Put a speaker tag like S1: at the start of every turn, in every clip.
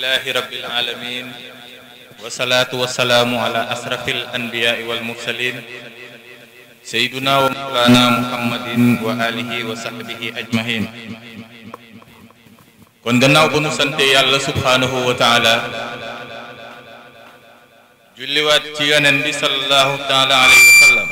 S1: لله رب العالمين والصلاة والسلام على أشرف الأنبياء والمرسلين سيدنا ومولانا محمد وآله وصحبه أجمعين كن غناو بنو سنتي الله سبحانه وتعالى جلي وات تي النبي صلى الله تعالى عليه وسلم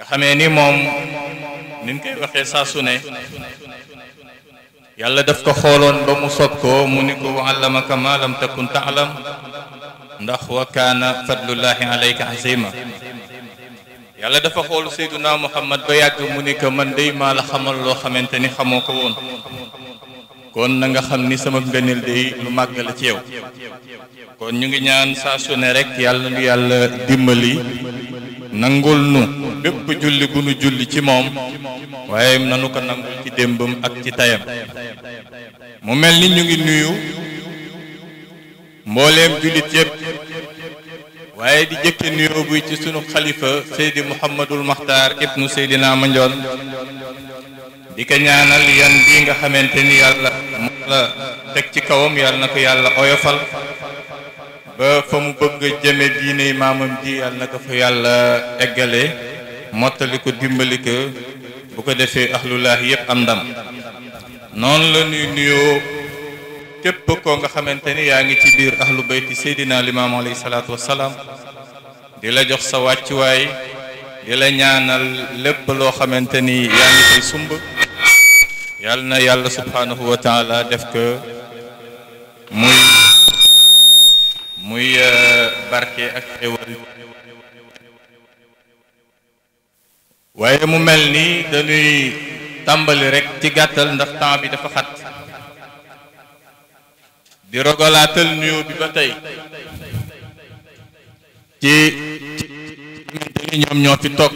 S1: غا خامي ني موم نين كاي واخي سا سوني yàlla daf ko xooloon ba mu sob ko mu ni ko wa allamaka ma lam takun taalam ndax wa kaana fadlullahi alayka azima yàlla dafa xool seyduna muhammad ba yàgg mu ni ko man day maa la xamal loo xamante ni xamoo ko woon kon na nga xam ni sama ngëneel day lu màgg la ci yow kon ñu ngi ñaan saa ne rek yàlla nu yàlla dimbali nangul nu bépp julli gu nu julli ci moom waaye nanu ko nangul ci démbam ak ci tayam mu mel ni ñu ngi nuyu mbooleem jullit yépp waaye di jëkke nuyoo bi ci sunu xalifa seydi muhammadul maxtaar ibnu seydina manjoon di ko yan bii nga xamante ni yàlla moo la teg ci kawam yàlla na ko yàlla oyofal ba fa mu bëgg jëme diine maamam ji yàlla na ko fa yàlla eggale mottali ko dimbali ko bu ko defee ahlulaahi yëpp am ndam noonu la ñuy nuyoo képp koo nga xamante ni yaa ngi ci biir ahlu bayti seydina limaam alayhi salaatu wassalaam di la jox sa wàccuwaay di la ñaanal lépp loo xamante ni yaa ngi koy sumb yàlla na yàlla subhaanahu wa taala def ko muy muy euh, barke ak xéwal waaye mu mel nii dañuy tàmbali rek ci gàttal ndax temps bi dafa xat di rogalaatal nuyoo bi ba tey ci xamante ni ñoom ñoo fi toog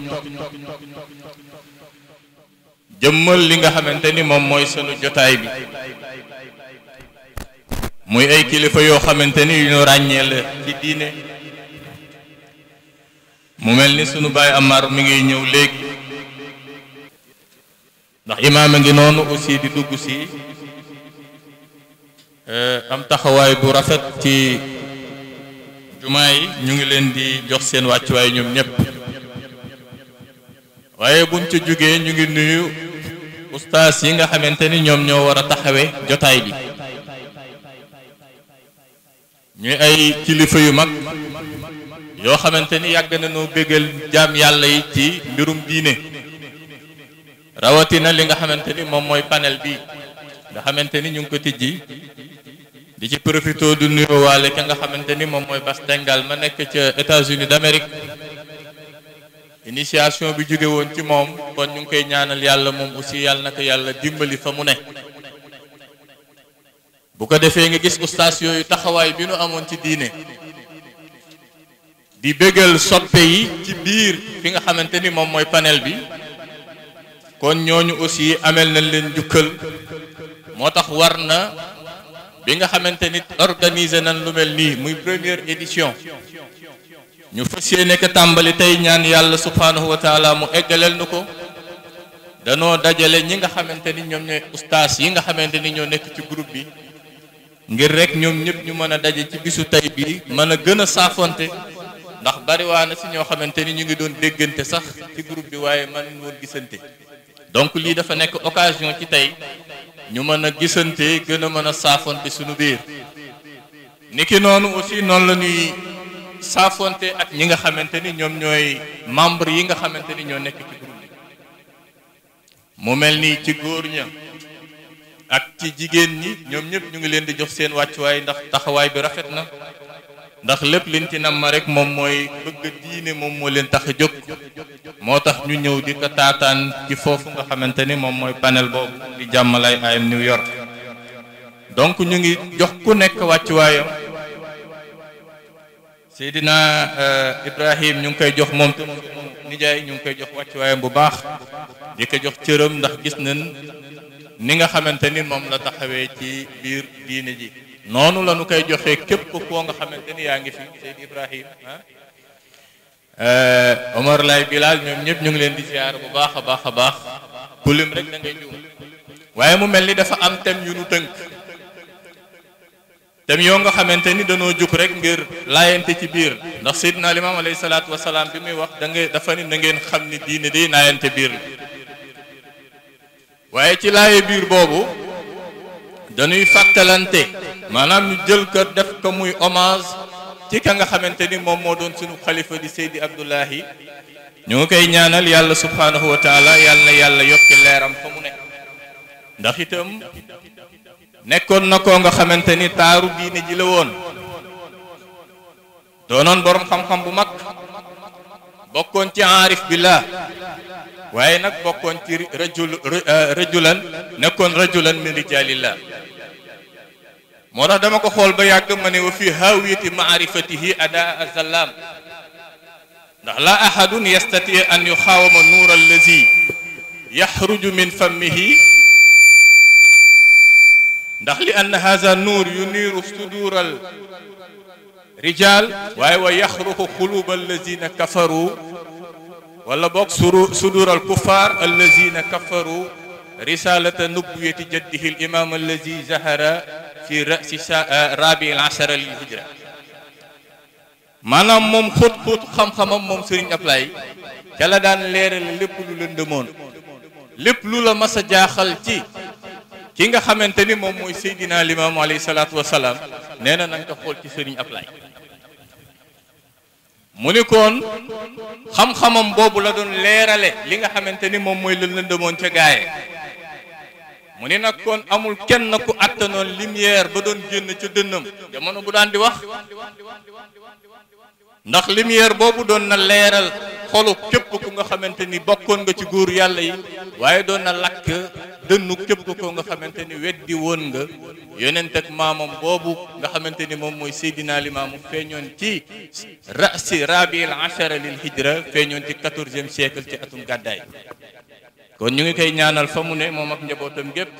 S1: jëmmal li nga xamante ni moom mooy sunu jotaay bi muy ay kilifa yoo xamante ni yu ñu ràññee la ci diine mu mel ni sunu baay Amar mu ngi ñëw léegi ndax imaam a ngi noonu aussi di dugg si e, am taxawaay bu rafet ci jumaa yi ñu ngi leen di jox seen wàccuwaay ñoom ñëpp waaye buñ ca jógee ñu ngi nuyu ustaas yi nga xamante ni ñoom ñoo war a taxawe jotaay bi ñuy ay kilifa yu mag yoo xamante ni yàgg na noo bégal jaam yàlla yi ci mbirum diine rawatina li nga xamante ni moom mooy panel bi nga xamante ni ñu ngi ko tijji di ci profité du nuyoo waale ka nga xamante ni moom mooy Bas Dengal ma nekk ca États-Unis d'Amérique initiation bi jóge woon ci moom kon ñu ngi koy ñaanal yàlla moom aussi yàlla na ko yàlla dimbali fa mu ne bu ko defee nga gis ustaas yooyu taxawaay bi nu amoon ci diine bi bégal soppe yi ci biir fi nga xamante ni moom mooy panel bi kon ñooñu aussi amel nañ leen jukkal moo tax war na bi nga xamante ni organiser nañ lu mel nii muy première édition ñu fas yéene ko tàmbali tey ñaan yàlla subhanahu wa taala mu eggaleel nu ko danoo dajale ñi nga xamante ni ñoom ñooy yi nga xamante ñoo nekk ci groupe bi ngir rek ñoom ñëpp ñu mën a ci bisu tey bi mën a gën ndax bari waa na si ñoo ñu ngi doon sax ci groupe bi man woon donc lii dafa nekk occasion ci tey ñu mën a gisante gën a mën a saafonte suñu biir niki noonu aussi noonu la ñuy saafonte ak ñi nga xamante ni ñoom ñooy membre yi nga xamante ni ñoo nekk ci groupe mu mel nii ci góor ña ak ci jigéen ñi ñoom ñëpp ñu ngi leen di jox seen wàccuwaay ndax taxawaay bi rafet na ndax lépp liñ ci nam rek moom mooy bëgg diine moom moo leen tax a jóg moo tax ñu ñëw di ko taataan ci foofu nga xamante ni moom mooy panel boobu di jàmmalay am New York donc ñu ngi jox ku nekk wàccuwaayam Seydina euh, Ibrahim ñu ngi koy jox moom te nijaay ñu ngi koy jox wàccuwaayam bu baax di ko jox cëram ndax gis nañ ni nga xamante ni moom la taxawee ci biir diine ji noonu la nu koy joxee képp koo nga xamante ni yaa ngi fi Seyd Ibrahim ah eh, Omar Lay ñoom ñëpp ñu ngi leen di ziar bu baax a baax a baax kulim rek da ngay waaye mu mel ni dafa am thème yu nu tënk thème yoo nga xamante ni danoo jóg rek ngir laayante ci biir ndax Seydina Limaam alayhi salaatu wasalaam bi muy wax da ngay dafa ni na ngeen xam ni diine day naayante biir waaye ci laaye biir boobu dañuy fàttalante maanaam ñu jël ko def ko muy hommage ci ka nga xamante ni moom doon suñu xalifa di seydi abdoulahi ñu ngi koy ñaanal subhanahu wa taala yàlla na yàlla yokki leeram fa mu nekk ndax itam nekkoon na koo nga xamante ni taaru diine ji la woon doonoon borom xam-xam bu mag bokkoon ci aarif billah waaye nag bokkoon ci rajulan nekkoon rajulan min rijalillah موتا دماكو خول با ياغ وفي هاويه معرفته اداء السلام لا احد يستطيع ان يخاوم النور الذي يخرج من فمه ندخ لان هذا النور ينير صدور الرجال وهو يخرق قلوب الذين كفروا ولا بوك صدور الكفار الذين كفروا رساله نبوية جده الامام الذي زهر ci ci rabi al ashara lil hijra maanaam moom xóot xóotu xam-xamam moom sëriñ Ablaay ca la daan leeral lépp lu lëndëmoon lépp lu la mas a jaaxal ci ci nga xamante ni moom mooy Seydina Limaamu alayhi salaatu wasalaam nee na xool ci sëriñ Ablaay mu ni koon xam-xamam boobu la doon leerale li nga xamante ni moom mooy la lëndëmoon ca gaaye mu ni nag amul kenn ku àttanoon lumière ba doon génn ca dënnam jamono bu daan di wax ndax lumière boobu doon na leeral xolu képp ku nga xamante ni bokkoon nga ci góor yàlla yi waaye doon na lakk dënnu képp ko nga xamante ni weddi woon nga yonent ak maamam boobu nga xamante ni moom mooy Seydina Limaamu feeñoon ci rasi rabiil ashara lil hijra feeñoon ci quatorzième siècle ci atum gàddaay kon ñu ngi koy ñaanal fa mu ne moom ak njabootam gépp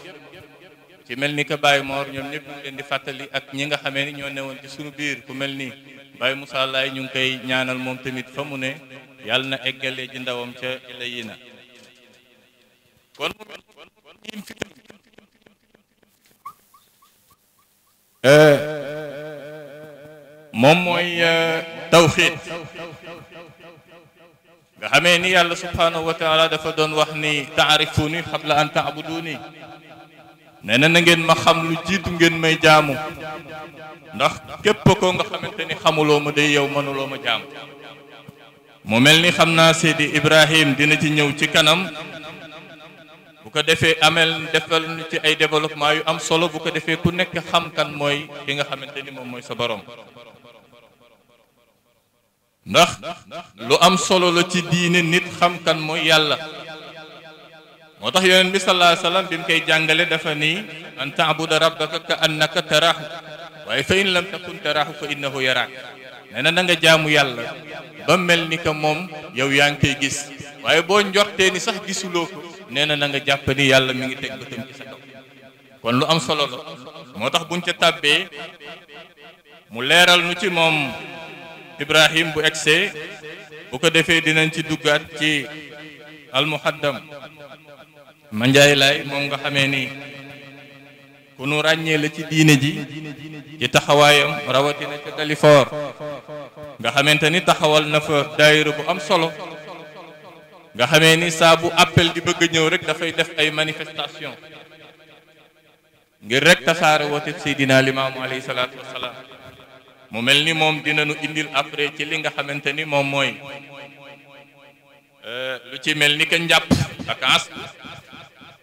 S1: ci mel ni que Baye Mor ñoom ñëpp leen di fàttali ak ñi nga xamee ni ñoo woon ci suñu biir ku mel ni Baye Moussa Laye ñu ngi koy ñaanal moom tamit fa mu ne yàlla na eggale ji ndawam ca ilayina kon eh, moom mooy eh, tawxiid nga xamee ni yàlla subhaanahu wa taala dafa doon wax ni xam la an taabuduni nee na na ngeen ma xam lu jiitu ngeen may jaamu ndax képp ko nga xamante xamuloo ma day yow mënuloo ma jaamu mu mel ni xam naa Seydi Ibrahim dina ci ñëw ci kanam bu ko defee amel defal nu ci ay développement yu am solo bu ko defee ku nekk xam kan mooy ki nga xamante ni moom mooy sa borom ndax lu am solo la ci diine nit xam kan mooy yàlla moo tax yonent bi sallallahu alayhi bi mu koy jàngale dafa nii an taabuda rabbaka ka annaka taraahu waaye fa in lam takun taraahu fa innahu yaraak nee na nga jaamu yàlla ba mel ni que moom yow yaa ngi koy gis waaye boo njortee ni sax gisuloo ko nee na nga jàpp ni yàlla mi ngi teg bëtam ci sa kon lu am solo moo tax buñ ca tàbbee mu leeral nu ci moom Ibrahim bu egsee bu ko defee dinañ ci duggaat ci almuhaddam manjaay laay moom nga xamee ni ku nu ràññee la ci diine ji ci taxawaayam rawatina ca Dalifort nga xamante taxawal na fa daayira bu am solo nga xamee ni saa bu appel di bëgg ñëw rek dafay def ay manifestation ngir rek tasaare woote Seydina alayhi mu mel ni moom dinañu indil après ci li nga xamante ni moom mooy euh, lu ci mel ni que njàpp vacance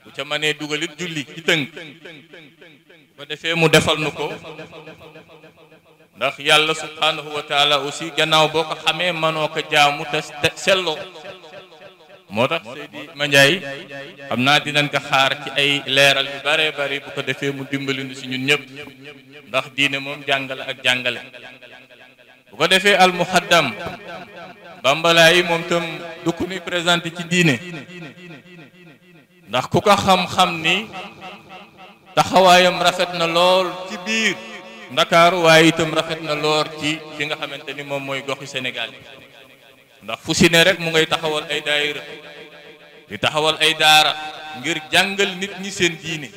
S1: bu ca mënee dugalit julli ci tënk bu ko defee mu defal nu ko ndax yàlla subhanahu wa taala aussi gannaaw boo ko xamee mënoo ko jaamu te selloo moo tax Seydi Mandiaye xam naa dinañ ko xaar ci ay leeral yu bare bari bu ko defee mu dimbali nu si ñun ñëpp ndax diine moom jàngale ak jàngale bu ko defee al muhaddam bambala yi moom tam du ku ñuy présenté ci diine ndax ku ko xam-xam ni taxawaayam rafet na lool ci biir ndakaaru waaye itam rafet na lool ci fi nga xamante ni moom mooy goxi Sénégal yi ndax fu si ne rek mu ngay taxawal ay daayira di taxawal ay daara ngir jàngal nit ñi seen diine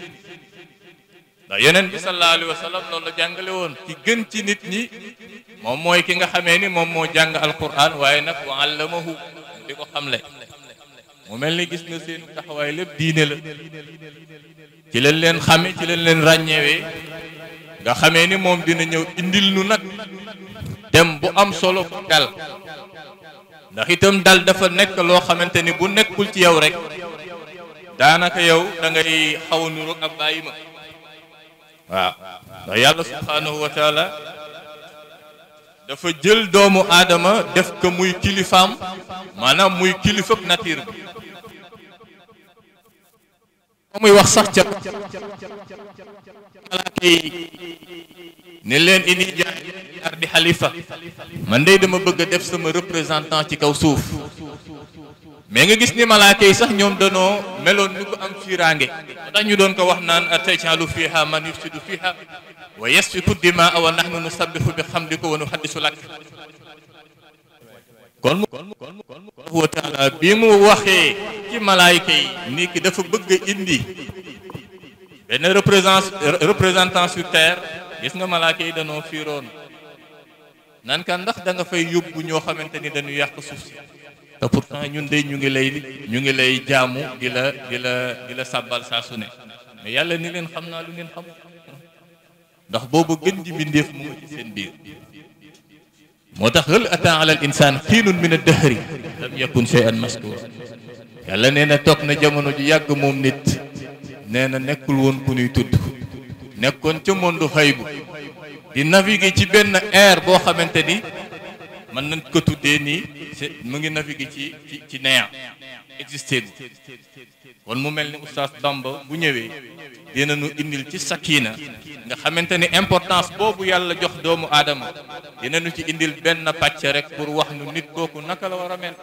S1: ndax yeneen bi sallallahu alayhi wa sallam loolu la jàngale woon ki gën ci nit ñi moom mooy ki nga xamee ni moom moo jàng alquran waaye nag wa allamahu di ko xamle mu mel ni gis nga seen taxawaay lépp diine la ci lañ leen xame ci lañ leen ràññeewee nga xame ni moom dina ñëw indil nu nag dem bu am solo dal ndax itam dal dafa nekk loo xamante ni bu nekkul ci yow rek daanaka yow da ngay xaw a ab bàyyi ma waaw ndax yàlla subhaanahu wa dafa jël doomu aadama def ko muy kilifaam maanaam muy kilifab nature bi muy wax sax ca malaaka yi ne leen ini jaay ardi xalifa man dey dama bëgg def sama représentant ci kaw suuf mais nga gis ni malaaka yi sax ñoom danoo meloon ni ko am fiiraange moo tax ñu doon ko wax naan atajalu fiha man yufsidu fiha wa a dimaa wa nahnu nusabbihu bi xamdika wa nuhaddisu lak kon mu wa taala bi mu waxee ci malaayka yi ni ki dafa bëgg indi benn représentant sur gis nga malaaka yi danoo fiiroon nan ndax danga fay yóbbu ñoo xamante ni dañu yàq suuf si te pourtant ñun de ñu ngi lay ñu ngi lay jaamu di la di la di la sàbbal saa su ne mais yàlla ni leen xam naa lu ngeen xam ndax boobu gën ji mbindéef mu ci seen biir moo tax hal ata ala al insaan xiinun min ad dahri lam yakun shay'an maskuura yàlla nee toog na jamono ju yàgg moom nit nee nekkul woon ku ñuy tudd nekkoon ca monde xaybu di naviguer ci benn air boo xamante ni mën nañ ko tuddee nii mu ngi naviguer ci ci ci néant existé gu kon mu mel ni oustaz Bamba bu ñëwee nu indil ci sakina nga xamante ni importance boobu yàlla jox doomu aadama nu ci indil benn pàcc rek pour wax nu nit kooku naka la war a mel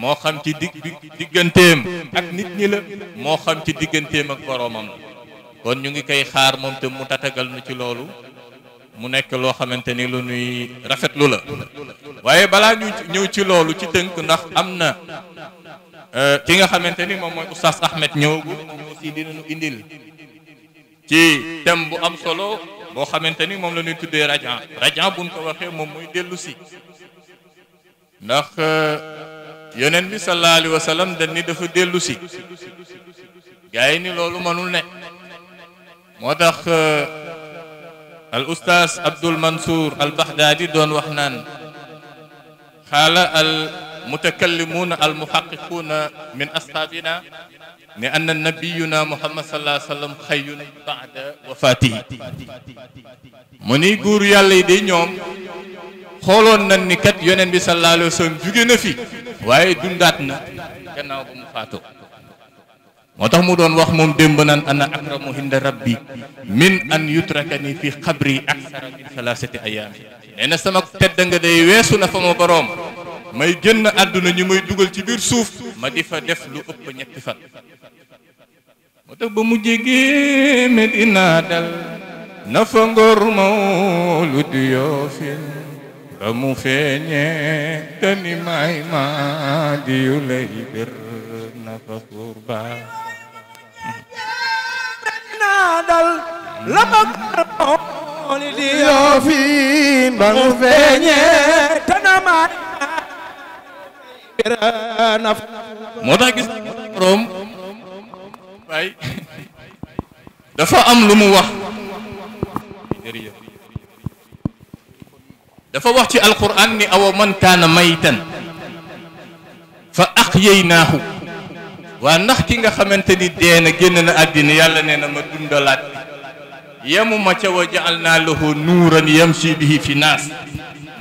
S1: moo xam ci dig digganteem ak nit ñi la moo xam ci digganteem ak boroomam la kon ñu ngi koy xaar moom te mu tatagal nu ci loolu mu nekk loo xamante ni lu nuy rafetlu la waaye balaa ñu ñëw ci loolu ci tënk ndax am na euh, ki nga xamante ni moom oustaz ahmed ñëwagu ñoo si dinañu indil ci thème bu am solo bo xamante ni moom la ñuy tuddee rajan rajan buñ ko waxee moom mooy dellu si ndax euh, yonent bi sallallahu alayhi wa sallam dañ ni dafa dellu si gaay ni loolu manul ne مدخ الأستاذ عبد المنصور البحدادي دون وحنان خال المتكلمون المحققون من أصحابنا لأن نبينا محمد صلى الله عليه وسلم خير بعد وفاته مني غور يالي دي نيوم خولون نان ني بي صلى الله عليه وسلم جوغينا في واي دونداتنا كناو بمفاتو moo tax mu doon wax moom démb naan ana akramu hinda rabbi min an yutrakani fi xabri aksara min salasati ayaam nee sama tedd nga day weesu na fa ma may génn àdduna ñu may dugal ci biir suuf ma di fa def lu ëpp ñetti fan moo tax ba mujjee géeme dinaa dal na fa ngor mawlud yoofin ba mu feeñee kani maay maa di yu bir fa kurba dal la mag mawlidi yoo fi ba mu feeñee tanamaay naf moo tax gis room bay dafa am lu mu wax dafa wax ci alquran ni awa man kaana maytan fa axyaynaahu waa ndax ki nga xamante ni dee na génn na àddina yàlla nee na ma dundalaat bi yemuma ca wa jaal naa lahu nuuran yamshi bihi fi naas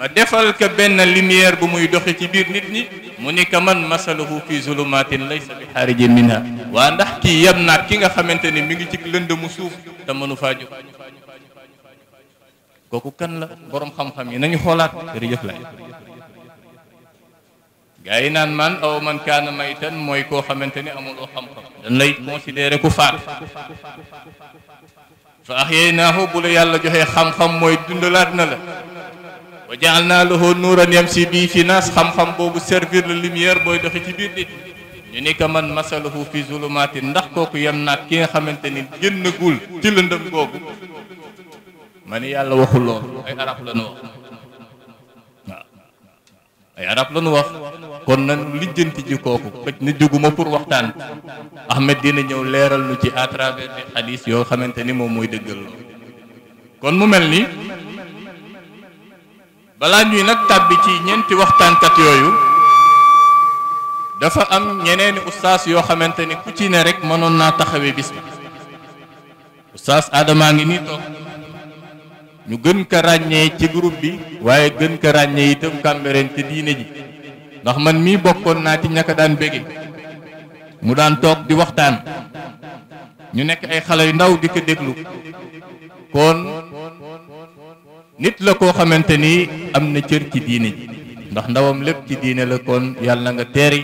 S1: ma defal ko benn lumière bu muy doxe ci biir nit ñi mu ni ka man masalahu fi zulumatin laysa bi xaarijin minha waa ndax kii yem naat ki nga xamante ni mi ngi ci lënd mu suuf te mënu faa jóg kooku kan la borom xam-xam yi nañu xoolaat jërëjëf la gaa yi naan man aw man kaana maytan mooy koo xamante ni amuloo xam-xam dañ lay considéré ku faat fa ahyaynahu bu la yàlla joxe xam-xam mooy dundalaat na la wa ja'alna lahu nuuran yamshi bi fi naas xam-xam boobu servir la lumière booy doxe ci biir nit ñu ni ko man masaluhu fi zulumaati ndax kooku yem naat ki nga xamante ni génnagul ci lëndëm googu ma ni yàlla waxul loolu ay arab lañu wax kon nag lijjanti ji kooku xëj na jóguma pour waxtaan Ahmed dina ñëw leeral nu ci à travers des yoo xamante ni moom mooy dëggal kon mu mel ni balaa ñuy nag tàbbi ci ñeenti waxtaankat yooyu dafa am ñeneeni ustaas yoo xamante ni ku ci ne rek mënoon naa taxawe bis bi ustaas Adama ngi nii toog ñu gën ko ràññee ci groupe bi waaye gën ko ràññee itam Cambérène te diine ji ndax man mii bokkoon naa ci ñaka daan bége mu daan toog di waxtaan ñu nekk ay xale yu ndaw di ko déglu kon nit la koo xamante ni am na cër ci diine ji ndax ndawam lépp ci diine la kon yàlla na nga teeri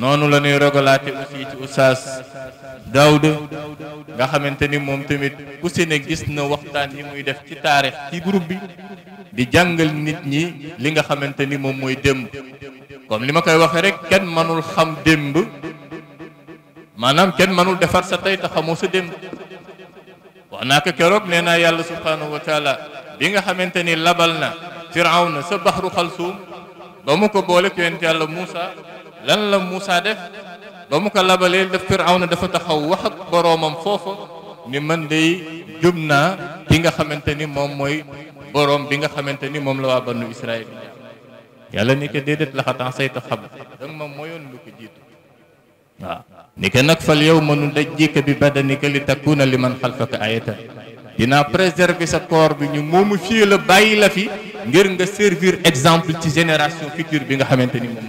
S1: noonu la ñuy rogalaate aussi ci oustaz Daouda nga xamante ni moom tamit ku si ne gis na waxtaan yi muy def ci taarix ci groupe bi di jàngal nit ñi li nga xamante ni moom mooy comme koy rek manul xam démb manam ken manul defar sa tey te xamoo sa démb wax naa ko keroog nee subhanahu wa taala bi nga xamante ni labal na firawna sa baxru xalsuum ba mu ko boole yonent yàlla lan la def ba mu def firawna dafa taxaw wax ak boroomam foofa ni man day jub ki nga boroom bi nga xamante ni moom la waa bannu Israël yàlla ni ko déedéet laxatan saytu xab danga ma moyoon lu ko jiitu waaw ni ko nag fal yow mënu dajjika bi badanika li takkuuna li man xalfaka ayatan dinaa préserver sa corps bi ñu moomu fii la bàyyi la fi ngir nga servir exemple ci génération future bi nga xamante ni moom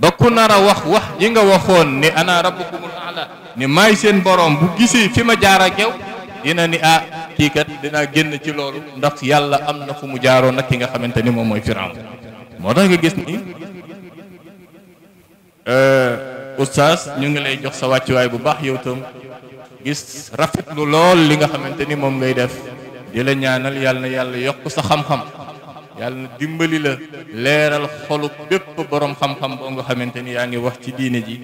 S1: ba ku nar wax wax yi nga waxoon ni ana rabbukumul aala ni maay seen borom bu gisee fi ma jaar ak dina ni ah kii kat dinaa génn ci loolu ndax yàlla am na fu mu jaaroon nag ki nga xamante ni moom mooy Firawna moo tax nga gis ni euh, oustaz ñu ngi lay jox sa wàccuwaay bu baax yow tam gis rafet rafetlu lool li nga xamante ni moom ngay def di la ñaanal yàlla na yàlla yokk sa xam-xam yàlla na dimbali la leeral xolu bépp borom xam-xam boo nga xamante ni yaa ngi wax ci diine ji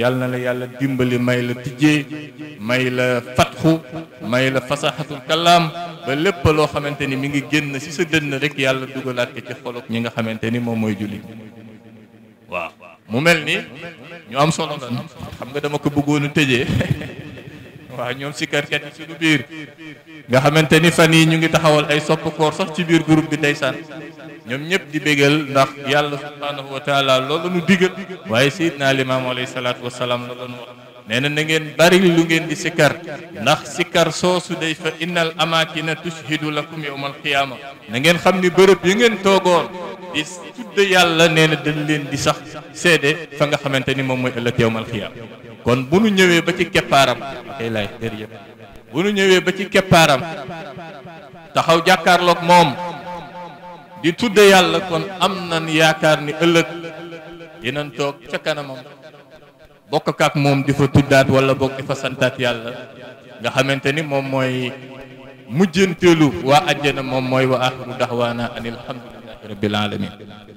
S1: yàlla la yàlla dimbali may la tijjee may la fatxu may la fasaxatul kalaam ba lépp loo xamante ni mi ngi génn si sa dënn rek yàlla dugalaat ko ci xolog ñi nga ni moom julli waaw mu mel ni ñu am solo lan xam nga dama ko bëggoon a tëjee waaw ñoom sikkarkat yi suñu biir nga xamante fan yi ñu ngi taxawal ay sopp koor sax ci biir groupe bi di bégal ndax yàlla subhanahu wa taala loolu nu digal waaye sayidna alimaam alayhi la doon wax nee na na ngeen bari lu ngeen di sikkar ndax soosu day fa innal amakina tushhidu lakum yawmal qiyama na ngeen xam ni yi ngeen toogoon di tudd yàlla nee na dañ leen di sax seede fa nga xamante ni moom mooy ëllëg kon bu nu keparam, ba ci keppaaram akay lay der jakar bu nu ba ci taxaw di tudd kon amnan nan ni ëllëg dinañ toog ca kanamam bokk ak moom di fa tuddaat wala bokk di fa santaat yàlla nga xamante ni moom mooy mujjanteelu waa àjjana moom mooy wa axiru daxwaana an alhamdulilahi rabbil alamin